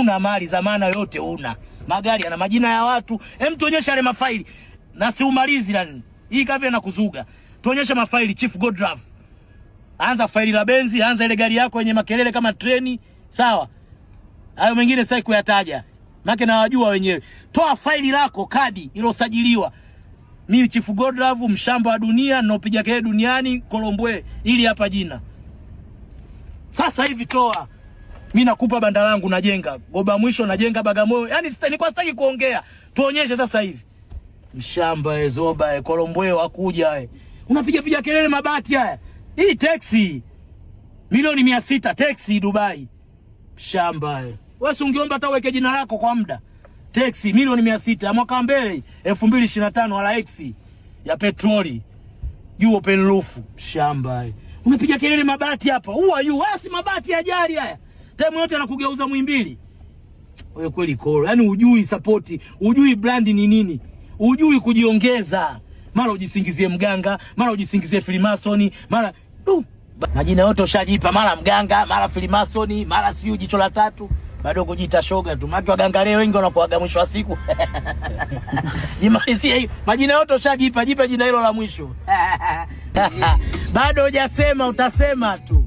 una mali za maana yote, una magari yana majina ya watu. Hem, tuonyeshe yale mafaili na siumalizi nani hii kavi na kuzuga. Tuonyeshe mafaili Chief Godlove, anza faili la Benzi, anza ile gari yako yenye makelele kama treni, sawa. Hayo mengine sitaki kuyataja maana nawajua wenyewe. Toa faili lako kadi ilosajiliwa. Mimi Chief Godlove, mshamba wa dunia naopiga kelele duniani, Kolombwe, ili hapa jina sasa hivi toa mimi nakupa banda langu najenga Goba mwisho najenga Bagamoyo. Yaani nilikuwa sitaki kuongea. Tuonyeshe sasa hivi. Mshamba e zoba e kolombwe wakuja e. Unapiga piga kelele mabati haya. Hii taxi milioni mia sita taxi Dubai. Mshamba e. Wewe si ungeomba hata uweke jina lako kwa muda. Taxi milioni mia sita ya mwaka mbele elfu mbili ishirini na tano ala X ya petroli. Juu open roof. Mshamba e. Unapiga kelele mabati hapa. Huwa yu, haya si mabati ya jari haya time yote anakugeuza mwimbili wewe. Kweli koro yaani hujui support, hujui brand ni nini, hujui kujiongeza, mara ujisingizie mganga, mara ujisingizie Freemason, mara du majina yote ushajipa, mara mganga, mara Freemason, mara siyo jicho la tatu bado kujita shoga tu, maki waganga leo wengi wanakuaga mwisho wa siku jimalizie hiyo majina yote ushajipa, jipe jina hilo la mwisho bado hujasema, utasema tu.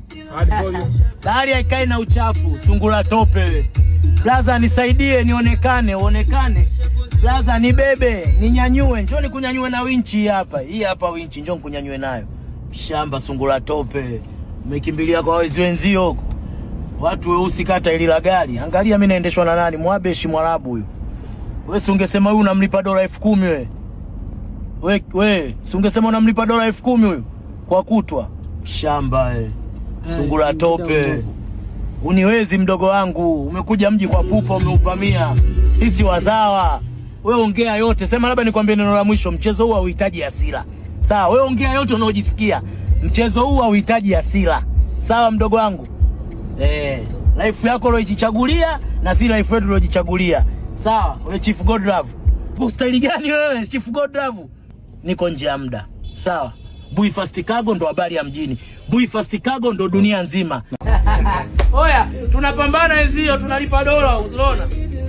Bahari haikae na uchafu, sungura tope we. nisaidie, nionekane, uonekane. Blaza nibebe, ninyanyue. Njoo nikunyanyue na winchi hapa. Hii hapa winchi, njoo nikunyanyue nayo. Shamba sungura tope. Umekimbilia kwa wezi wenzio huko. Watu weusi kata ili la gari. Angalia mimi naendeshwa na nani? Mwabeshi Mwarabu huyo. Wewe si ungesema huyu unamlipa dola 10000 wewe. wewe. Wewe, si ungesema unamlipa dola 10000 kumi huyo kwa kutwa. Shamba eh. Eh, sungura tope, uniwezi mdogo wangu, umekuja mji kwa pupa, umeuvamia. Sisi wazawa, Wewe ongea yote, sema labda nikwambie neno la mwisho, mchezo huu hauhitaji hasira, sawa? Wewe ongea yote unaojisikia, mchezo huu hauhitaji hasira, sawa mdogo wangu eh? Life yako uliojichagulia na si life yetu uliojichagulia, sawa? Wewe Chief Godlove, ustaili gani wewe Chief Godlove? Niko nje ya muda, sawa? Buifa ndo habari ya mjini, Buifa ndo dunia nzima. Oya, tunapambana wenzio, tunalipa dola, usiona?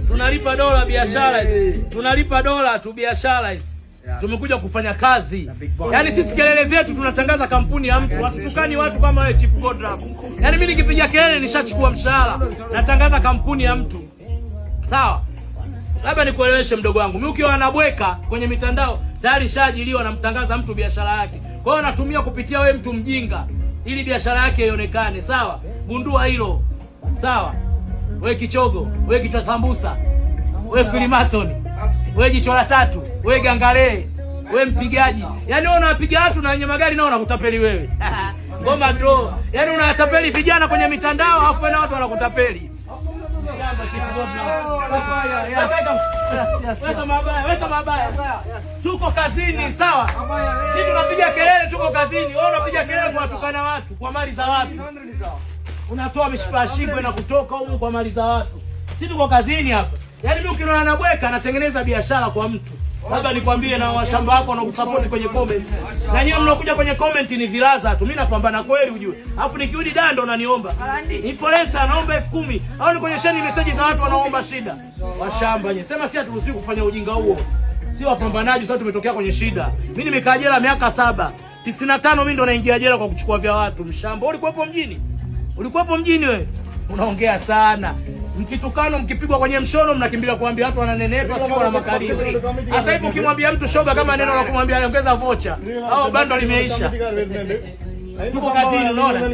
Tunalipa dola biashara hizi, tunalipa dola tu biashara hizi. Tumekuja kufanya kazi. Yaani sisi kelele zetu tunatangaza kampuni ya mtu. hatutukani watu kama wewe Chief Godrap. Yaani mimi nikipiga kelele nishachukua mshahara. Natangaza kampuni ya mtu. Sawa? labda nikueleweshe mdogo wangu, mimi ukiwa anabweka kwenye mitandao tayari shaajiliwa, mtangaza mtu biashara yake, kwa hiyo anatumia kupitia we mtu mjinga ili biashara yake ionekane. Sawa, gundua hilo sawa. We kichogo, we kichwa sambusa, we filimasoni, we jicho la tatu, we gangalee, we mpigaji. Yaani wewe unawapiga watu na wenye magari nao wanakutapeli wewe ngoma draw. Yaani unawatapeli vijana kwenye mitandao, afu na watu wanakutapeli. Weka mabaya, weka mabaya. Tuko kazini, sawa? si tunapiga kelele, tuko kazini. Wewe unapiga kelele kuwatukana watu kwa mali za watu, unatoa mishipashibwe na kutoka huko kwa mali za watu. si tuko kazini hapa, yaani mimi ukiniona nabweka, natengeneza biashara kwa mtu labda nikwambie na washamba wako wanakusapoti kwenye comment, na nyinyi mnakuja kwenye comment ni vilaza tu. Mimi napambana kweli ujue, alafu nikiudi dando unaniomba influencer anaomba elfu kumi au nikonyesheni message za watu wanaomba shida. Washamba nyinyi. sema, si haturuhusi kufanya ujinga huo, si wapambanaji sasa, tumetokea kwenye shida. Mimi nimekaa jela miaka saba 95 mimi ndo naingia jela kwa kuchukua vya watu. Mshamba ulikuwepo mjini, ulikuwepo mjini wewe, unaongea sana mkitukano mkipigwa kwenye mshono mnakimbilia kuambia watu wananenepa, sio na makalio. Sasa hivi ukimwambia mtu shoga, kama neno la kumwambia ongeza vocha au bando limeisha. Tuko kazini, unaona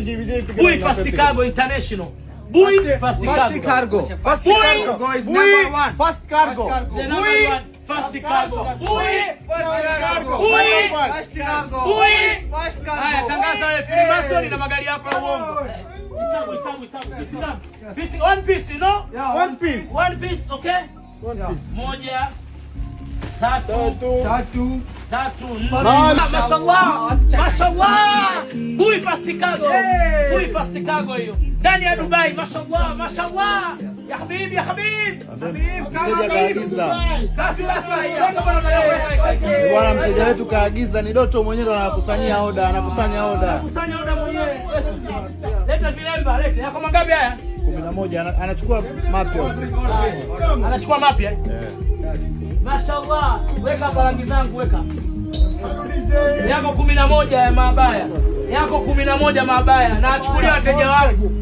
Bui Fast Cargo International. Bui Fast Cargo. Fast Cargo is number 1. Fast Cargo. Bui First cargo. Ui! First cargo. Ui! First cargo. Ui! First cargo. Haya, tangaza wewe Freemason na magari yako ya uongo. Isamu, isamu, isamu. This is This is one piece, you know? Yeah, one piece. One piece, okay? One piece. Moja. Tatu. Tatu. Tatu. Ah, mashallah. Mashallah. Ui, first cargo. Ui, first cargo hiyo ndani ya Dubai. Mashallah, mashallah ya habibi, ya habibi, bwana mteja wetu kaagiza. Ni Doto mwenyewe anakusanyia oda, anakusanya oda, anakusanya oda mwenyewe. Leta vilemba, leta yako mangapi haya? kumi na moja. Anachukua mapya, anachukua mapya. Eh? Eh. Mashallah, weka parangi zangu, weka yako kumi na moja ya mabaya, yako kumi na moja mabaya, na achukulia wateja wangu